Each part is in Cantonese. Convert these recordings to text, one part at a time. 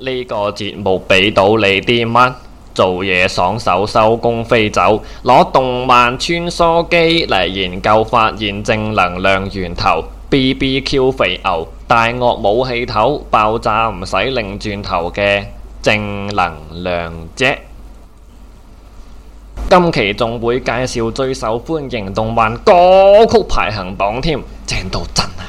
呢個節目畀到你啲乜？做嘢爽手，收工飛走，攞動漫穿梭機嚟研究，發現正能量源頭。BBQ 肥牛，大惡冇氣頭，爆炸唔使擰轉頭嘅正能量啫！今期仲會介紹最受歡迎動漫歌曲排行榜添，正到真啊！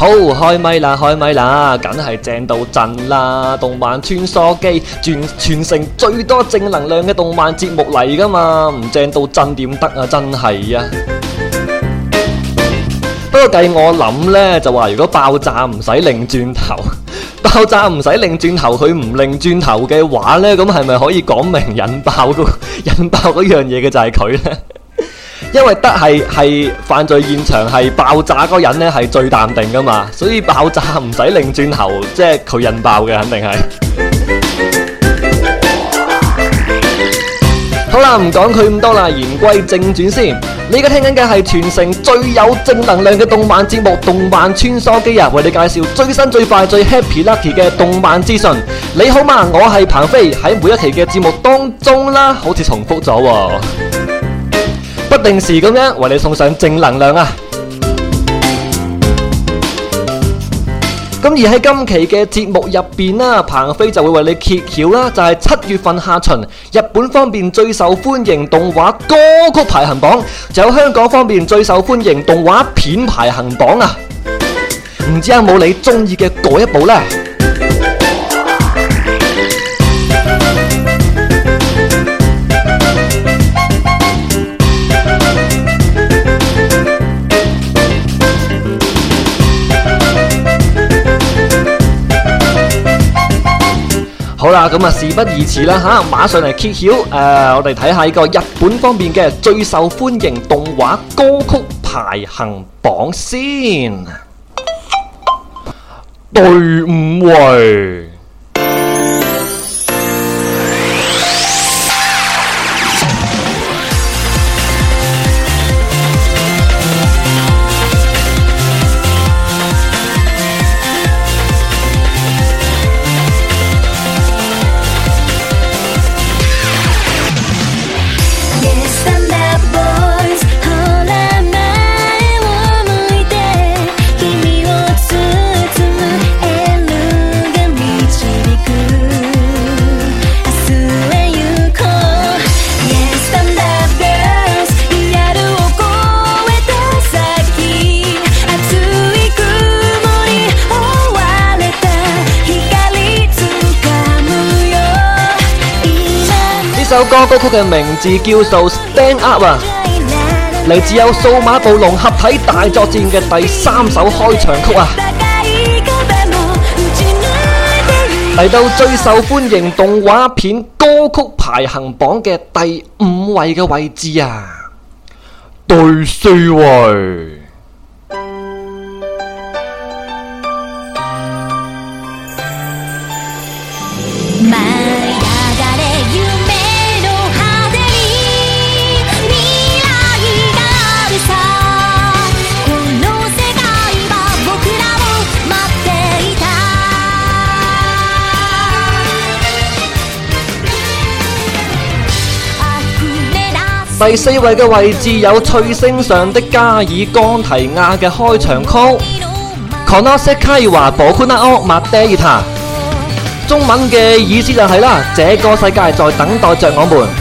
好開咪啦，開咪啦，梗係正到震啦！動漫穿梭機全全城最多正能量嘅動漫節目嚟噶嘛，唔正到震點得啊，真係啊！不過計我諗咧，就話如果爆炸唔使擰轉頭，爆炸唔使擰轉頭，佢唔擰轉頭嘅話咧，咁係咪可以講明引爆個引爆嗰樣嘢嘅就係佢咧？因為得係係犯罪現場，係爆炸嗰人咧，係最淡定噶嘛，所以爆炸唔使擰轉頭，即係佢引爆嘅肯定係 。好啦，唔講佢咁多啦，言歸正傳先。你而家聽緊嘅係全城最有正能量嘅動漫節目《動漫穿梭機》啊，為你介紹最新最快最 Happy Lucky 嘅動漫資訊。你好嘛？我係彭飛喺每一期嘅節目當中啦，好似重複咗喎。不定時咁樣為你送上正能量啊！咁而喺今期嘅節目入邊啦，彭飛就會為你揭曉啦，就係七月份下旬日本方面最受歡迎動畫歌曲排行榜，就有香港方面最受歡迎動畫片排行榜啊！唔知有冇你中意嘅嗰一部呢？好啦，咁啊，事不宜遲啦嚇，馬上嚟揭曉。誒、呃，我哋睇下呢個日本方面嘅最受歡迎動畫歌曲排行榜先，對五位。首歌歌曲嘅名字叫做《Stand Up》啊，嚟自有數碼暴龍合體大作戰嘅第三首開場曲啊，嚟到最受歡迎動畫片歌曲排行榜嘅第五位嘅位置啊，第四位。第四位嘅位置有《翠星上的加爾岡提亞》嘅開場曲《この世界は僕らを待っていた》，中文嘅意思就係啦，這個世界在等待着我們。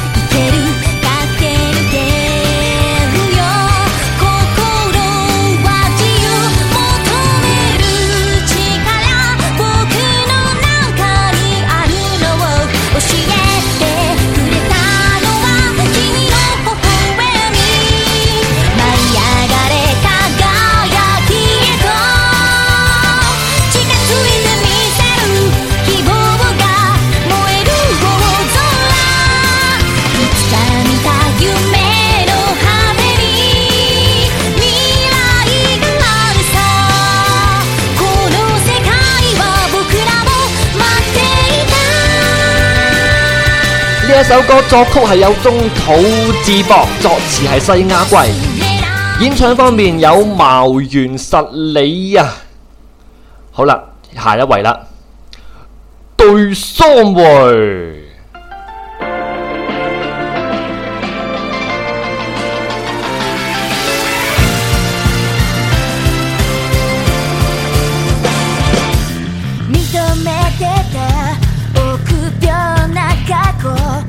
首歌作曲係有中土字博，作詞係西亞貴，演唱方面有茅原實里啊。好啦，下一位啦，對雙匯。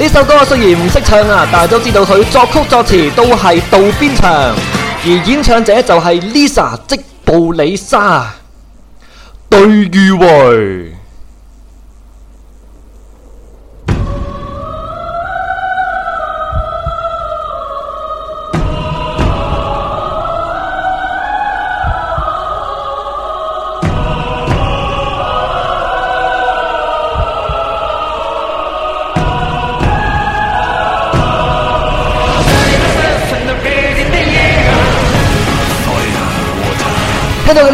呢首歌雖然唔識唱啊，但係都知道佢作曲作詞都係渡邊長，而演唱者就係 Lisa 即布里莎對於為。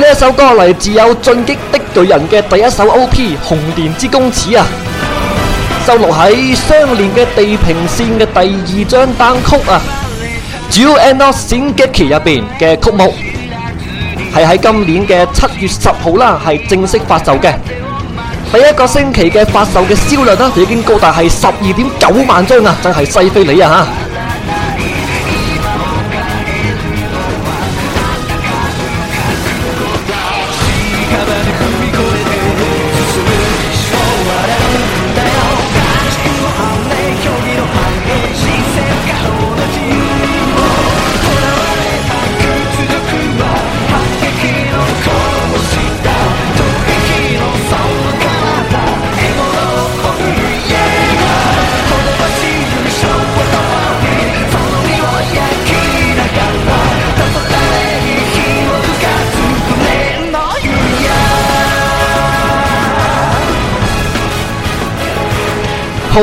呢一首歌嚟自有進擊的巨人嘅第一首 OP《紅蓮之弓矢》啊，收錄喺《相連嘅地平線》嘅第二張單曲啊《JoynosinGeki》入邊嘅曲目，係喺今年嘅七月十號啦，係正式發售嘅。第一個星期嘅發售嘅銷量啊，已經高達係十二點九萬張啊，真係犀飛利啊吓！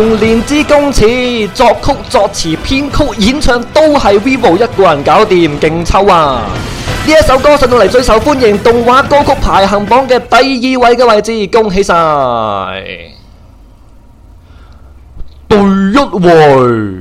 童年之公廁，作曲、作詞、編曲、演唱都係 vivo 一個人搞掂，勁抽啊！呢一首歌上到嚟最受歡迎動畫歌曲排行榜嘅第二位嘅位置，恭喜晒！第一位。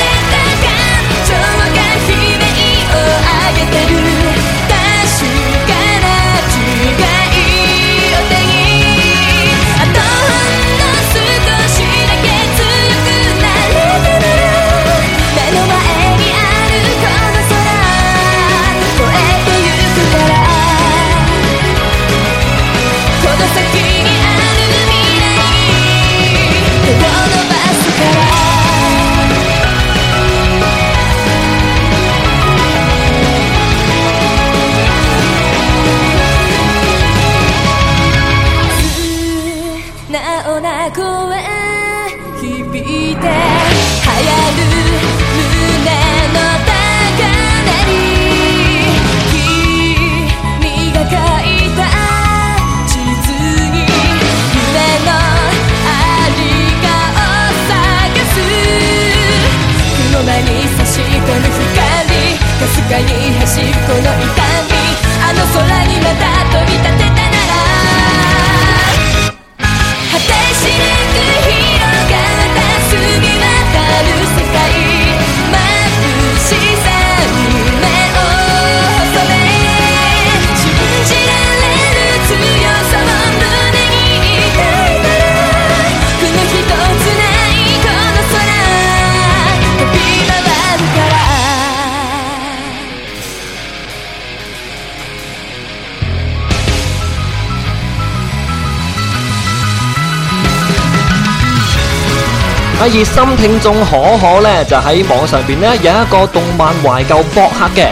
喺熱心聽眾可可呢，就喺網上邊呢有一個動漫懷舊博客嘅，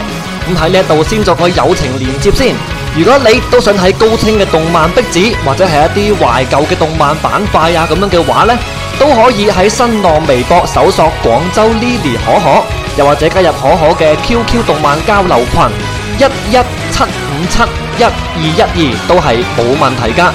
咁喺呢度先作個友情連接先。如果你都想睇高清嘅動漫壁紙，或者係一啲懷舊嘅動漫版塊啊咁樣嘅話呢，都可以喺新浪微博搜索廣州 Lily 可可，又或者加入可可嘅 QQ 動漫交流群一一七五七一二一二，1212, 都係冇問題噶。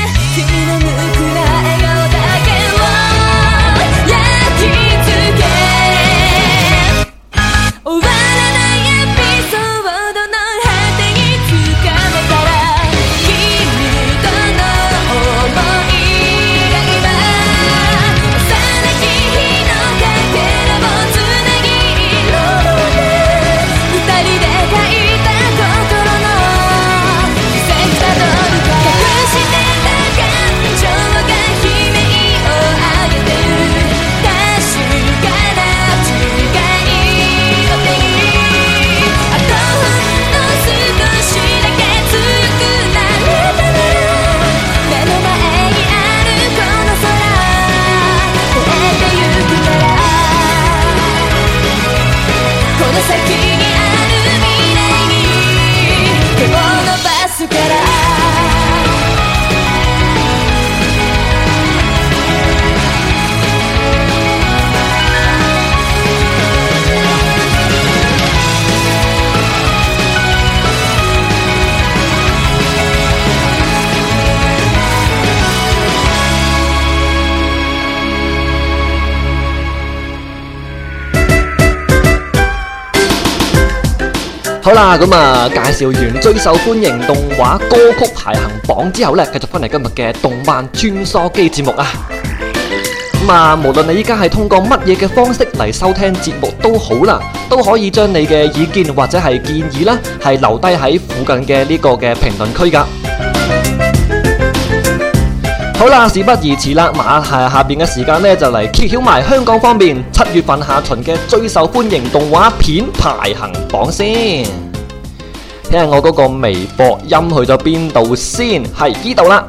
咁啊！介紹完最受歡迎動畫歌曲排行榜之後呢，繼續翻嚟今日嘅動漫穿梭機節目啊！咁啊，無論你依家係通過乜嘢嘅方式嚟收聽節目都好啦，都可以將你嘅意見或者係建議啦，係留低喺附近嘅呢個嘅評論區噶。好啦，事不宜遲啦，馬下下邊嘅時間呢，就嚟揭曉埋香港方面七月份下旬嘅最受歡迎動畫片排行榜先。睇下我嗰個微博音去咗邊度先，係呢度啦。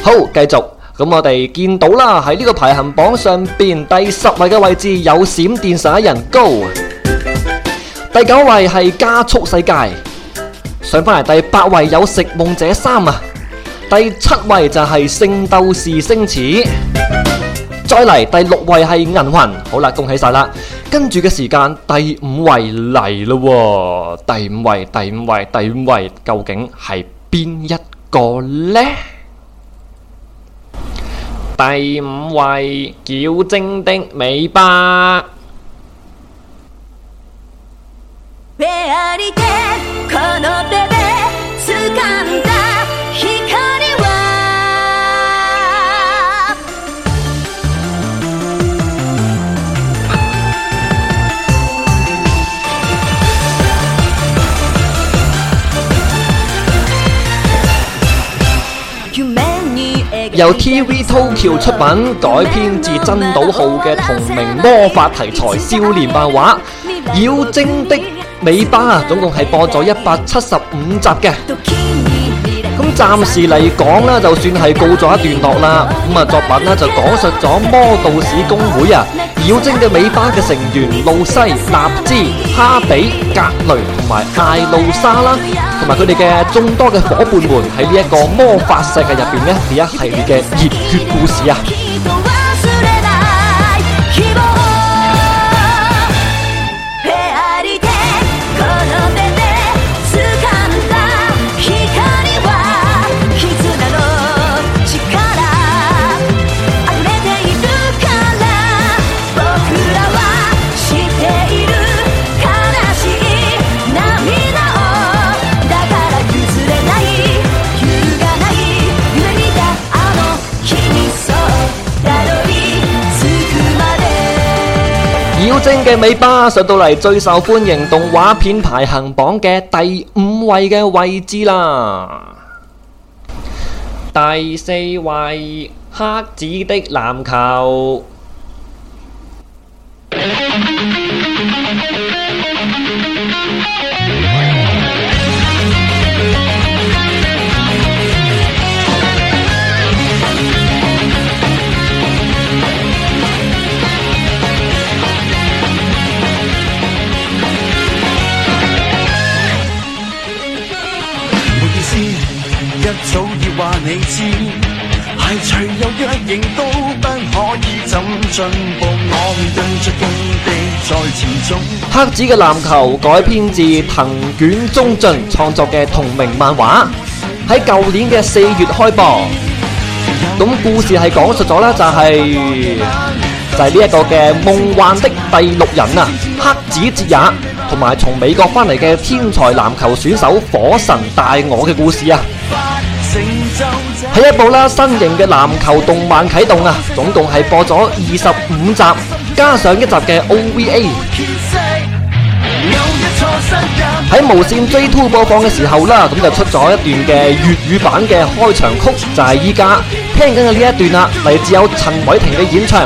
好，繼續，咁我哋見到啦，喺呢個排行榜上邊第十位嘅位置有閃電十一人，GO。第九位係加速世界，上翻嚟，第八位有食夢者三啊，第七位就係聖鬥士星矢。再嚟，第六位係銀魂，好啦，恭喜晒啦！跟住嘅時間，第五位嚟咯，第五位第五位第五位究竟係邊一個呢？第五位妖精的尾巴。由 TV Tokyo 出品，改編自真島浩嘅同名魔法題材少年漫畫《妖精的尾巴》，總共係播咗一百七十五集嘅。暫時嚟講啦，就算係告咗一段落啦。咁啊，作品呢就講述咗魔道士公會啊，妖精嘅尾巴嘅成員露西、納茲、哈比、格雷同埋艾露莎啦，同埋佢哋嘅眾多嘅夥伴們喺呢一個魔法世界入邊呢，呢一系列嘅熱血故事啊。嘅尾巴上到嚟最受歡迎動畫片排行榜嘅第五位嘅位置啦，第四位黑子的籃球。 又都不可以怎步。我在中。黑子嘅籃球改編自藤卷忠俊創作嘅同名漫畫，喺舊年嘅四月開播。咁故事係講述咗咧，就係就係呢一個嘅夢幻的第六人啊，黑子哲也同埋從美國翻嚟嘅天才籃球選手火神大我嘅故事啊。係一部啦新型嘅籃球動漫啟動啊，總共係播咗二十五集，加上一集嘅 OVA。喺無線 J2 播放嘅時候啦，咁就出咗一段嘅粵語版嘅開場曲，就係依家聽緊嘅呢一段啊，嚟自有陳偉霆嘅演唱。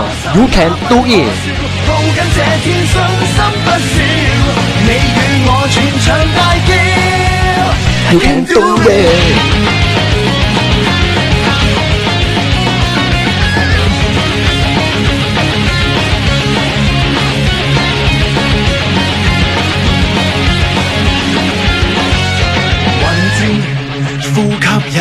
You can do it。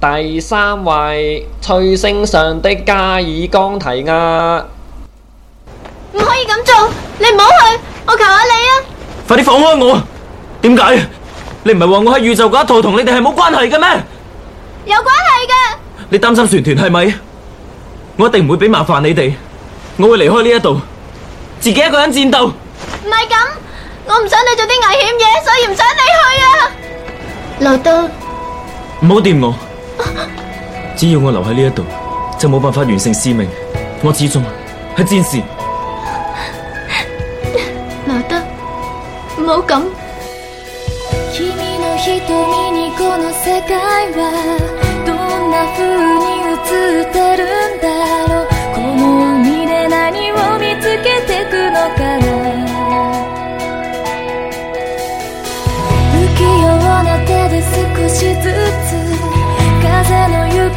第三位，翠星上的加爾岡提亞，唔可以咁做，你唔好去，我求下你啊！快啲放開我，點解？你唔係話我係宇宙嘅一坨，同你哋係冇關係嘅咩？有關係嘅，你擔心船團係咪？我一定唔會俾麻煩你哋，我會離開呢一度，自己一個人戰鬥。唔係咁，我唔想你做啲危險嘢，所以唔想你去啊！劉導，唔好掂我。只要我留喺呢一度，就冇辦法完成使命。我始終係戰士。那得冇咁。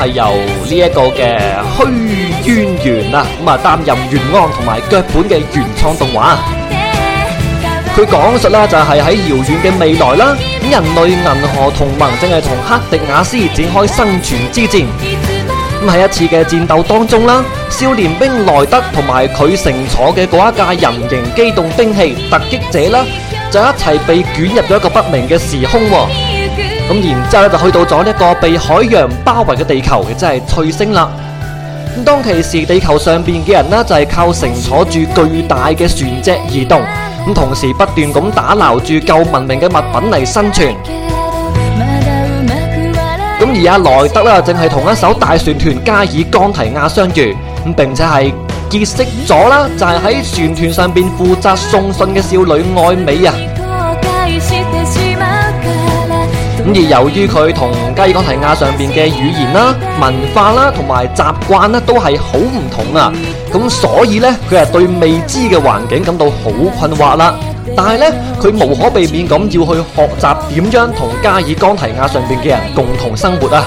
係由呢一個嘅虛淵源啊，咁啊擔任元安原案同埋腳本嘅原創動畫。佢講述啦就係喺遙遠嘅未來啦，咁人類銀河同盟正係同克迪雅斯展開生存之戰。咁喺一次嘅戰鬥當中啦，少年兵萊德同埋佢乘坐嘅嗰一架人形機動兵器突擊者啦，就一齊被捲入咗一個不明嘅時空。咁然之後咧就去到咗呢一個被海洋包圍嘅地球亦，即係翠星啦。咁當其時，地球上邊嘅人咧就係靠乘坐住巨大嘅船隻移動，咁同時不斷咁打撈住舊文明嘅物品嚟生存。咁而阿萊德咧正係同一艘大船團加爾岡提亞相遇，咁並且係結識咗啦，就係喺船團上邊負責送信嘅少女愛美啊。而由於佢同加爾岡提亞上邊嘅語言啦、文化啦同埋習慣啦，都係好唔同啊！咁所以咧，佢係對未知嘅環境感到好困惑啦。但係咧，佢無可避免咁要去學習點樣同加爾岡提亞上邊嘅人共同生活啊！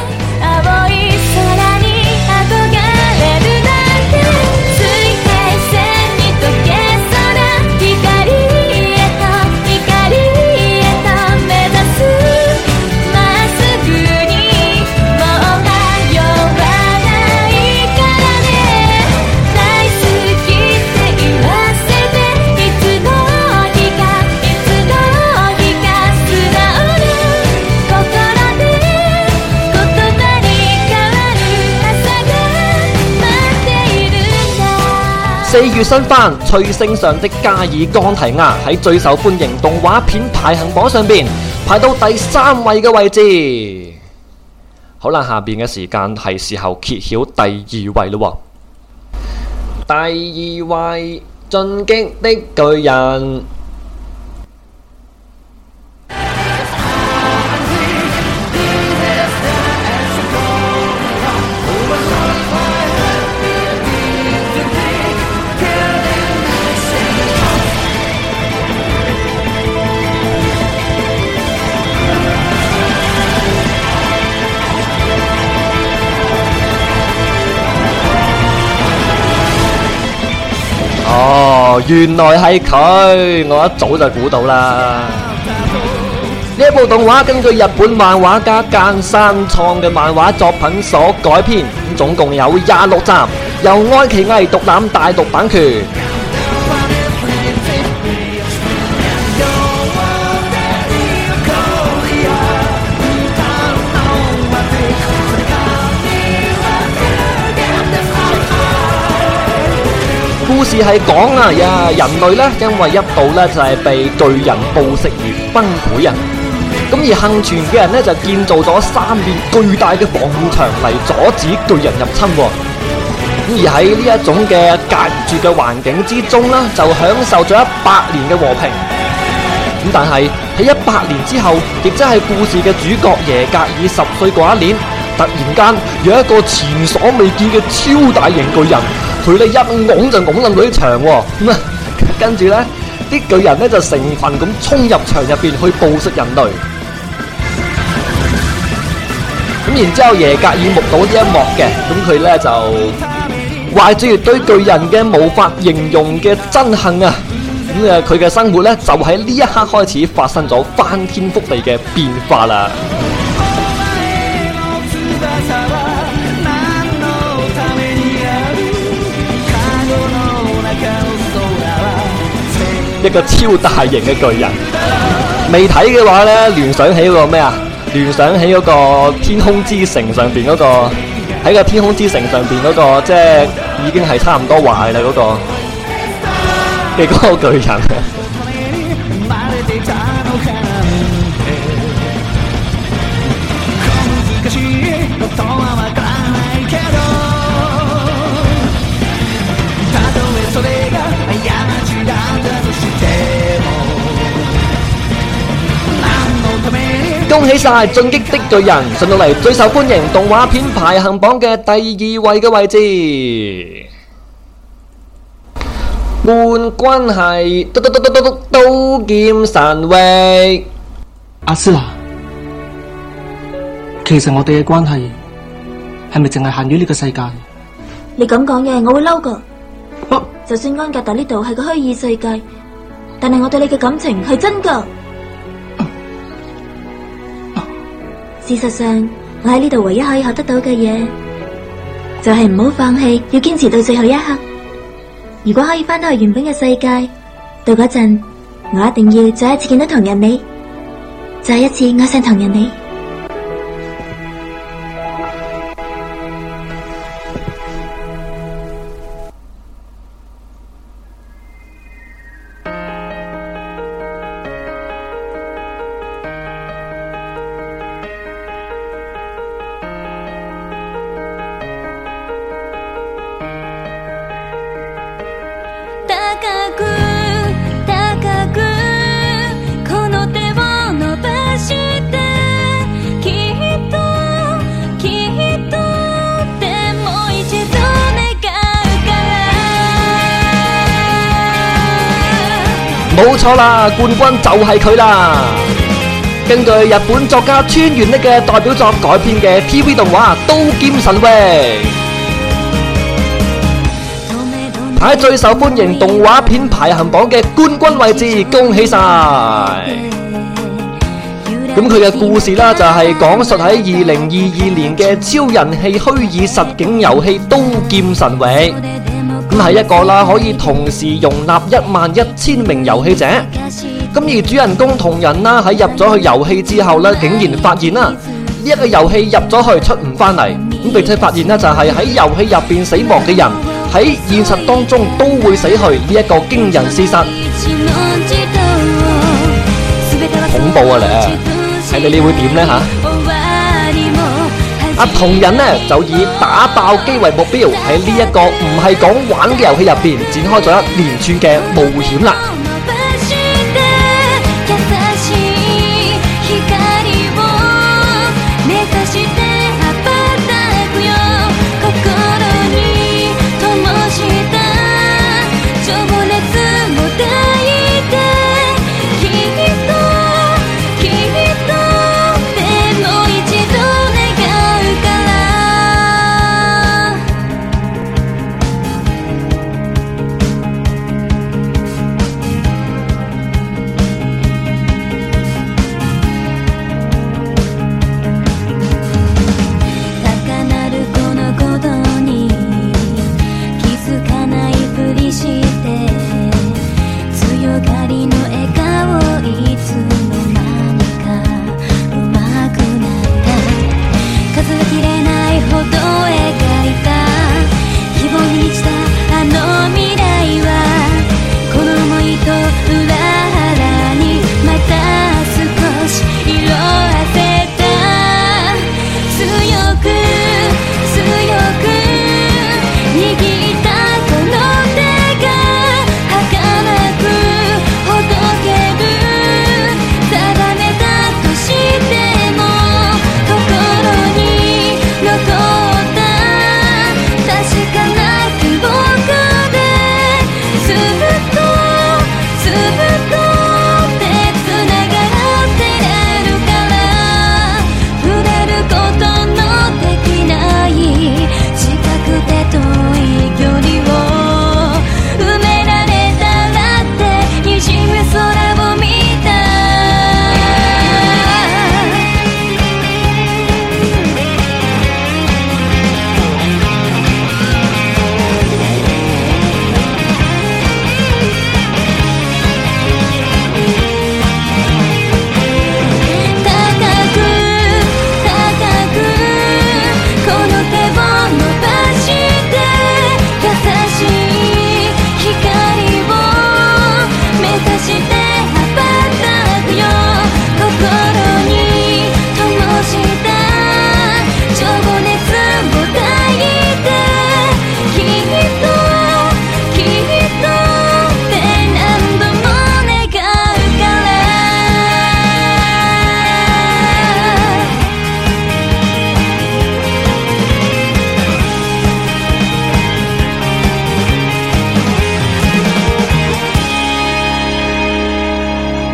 月新番《翠星》上的加剛《加爾岡提亞》喺最受歡迎動畫片排行榜上邊排到第三位嘅位置。好啦，下邊嘅時間係時候揭曉第二位咯。第二位《進擊的巨人》。哦，原來係佢，我一早就估到啦。呢 一部動畫根據日本漫畫家岡山創嘅漫畫作品所改編，總共有廿六集，由愛奇藝獨攬大獨版權。故事係講啊呀，人類咧因為一度咧就係被巨人捕食而崩潰啊！咁而幸存嘅人咧就建造咗三面巨大嘅防牆嚟阻止巨人入侵。咁而喺呢一種嘅隔絕嘅環境之中咧，就享受咗一百年嘅和平。咁但係喺一百年之後，亦即係故事嘅主角耶格爾十歲嗰一年，突然間有一個前所未見嘅超大型巨人。佢哋一拱就拱冧到啲牆喎，咁、嗯、啊，跟住咧啲巨人咧就成群咁衝入牆入邊去捕食人類，咁 然之後耶格爾目睹呢一幕嘅，咁佢咧就懷住對巨人嘅無法形容嘅憎恨啊，咁、嗯、啊，佢嘅生活咧就喺呢一刻開始發生咗翻天覆地嘅變化啦。一個超大型嘅巨人，未睇嘅話咧，聯想起嗰個咩啊？聯想起嗰個天空之城上邊嗰個，喺個天空之城上邊嗰個，即係已經係差唔多壞啦嗰個嘅嗰個巨人。 恭喜晒《進擊的巨人》上到嚟，最受歡迎動畫片排行榜嘅第二位嘅位置。半關係，嘟嘟嘟嘟嘟嘟，刀劍神域。阿斯拉，其實我哋嘅關係係咪淨係限於呢個世界？你咁講嘢，我會嬲噶！啊？就算安格達呢度係個虛擬世界，但係我對你嘅感情係真噶。事實上，我喺呢度唯一可以學得到嘅嘢，就係唔好放棄，要堅持到最後一刻。如果可以翻到去原本嘅世界，到嗰陣，我一定要再一次見到唐人美，再一次愛上唐人美。錯啦，冠軍就係佢啦！根據日本作家川原礫嘅代表作改編嘅 TV 動畫《刀劍神域》，喺最受歡迎動畫片排行榜嘅冠軍位置，恭喜晒！咁佢嘅故事啦，就係講述喺二零二二年嘅超人氣虛擬實境遊戲《刀劍神域》。真係一個啦，可以同時容納一萬一千名遊戲者。咁而主人公同人啦，喺入咗去遊戲之後呢，竟然發現啦，呢一個遊戲入咗去出唔翻嚟。咁並且發現呢，就係喺遊戲入邊死亡嘅人，喺現實當中都會死去。呢一個驚人事實，恐怖啊，你係你你會點呢？吓？阿同人呢，就以打爆機為目標，喺呢一個唔係講玩嘅遊戲入邊展開咗一連串嘅冒險啦。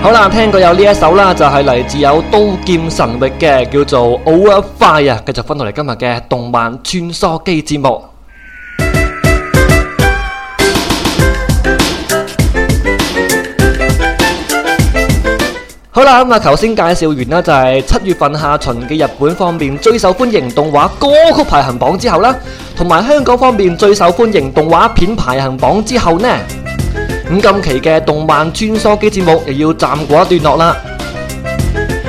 好啦，聽過有呢一首啦，就係、是、嚟自有刀劍神域嘅叫做《Overfly》啊！繼續返到嚟今日嘅動漫穿梭機節目、嗯。好啦，咁、嗯、啊，頭先介紹完啦，就係、是、七月份下旬嘅日本方面最受歡迎動畫歌曲排行榜之後啦，同埋香港方面最受歡迎動畫片排行榜之後呢，咁今期嘅動漫穿梭機節目又要暫告一段落啦。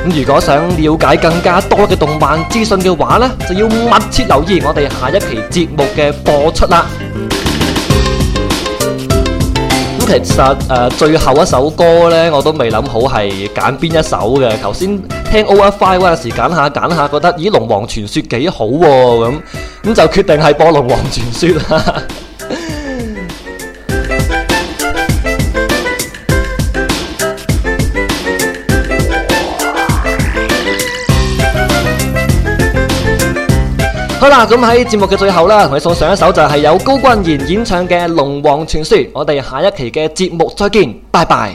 咁如果想了解更加多嘅動漫資訊嘅話呢，就要密切留意我哋下一期節目嘅播出啦。咁其實誒，最後一首歌呢，我都未諗好係揀邊一首嘅。頭先聽 Overfly 嗰陣時揀下揀下，覺得咦《龍王傳說》幾好咁，咁就決定係播《龍王傳說》。好啦，咁喺節目嘅最後啦，我哋送上一首就係由高君賢演唱嘅《龍王傳說》，我哋下一期嘅節目再見，拜拜。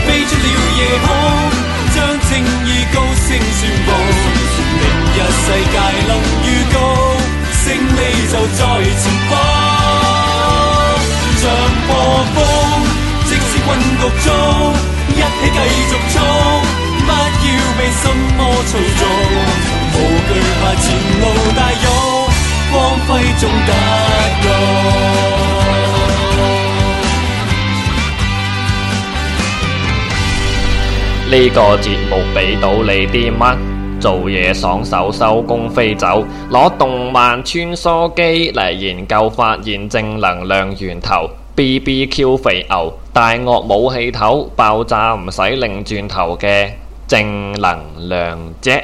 飛出了夜空，將正義高聲宣布。明日世界能預告，勝利就在前方。像破風，即使困局中，一起繼續衝，不要被心魔操縱。無懼怕前路大勇，光輝中得到。呢個節目俾到你啲乜？做嘢爽手，收工飛走，攞動漫穿梭機嚟研究，發現正能量源頭。B B Q 肥牛，大鑊武器頭，爆炸唔使擰轉頭嘅正能量啫。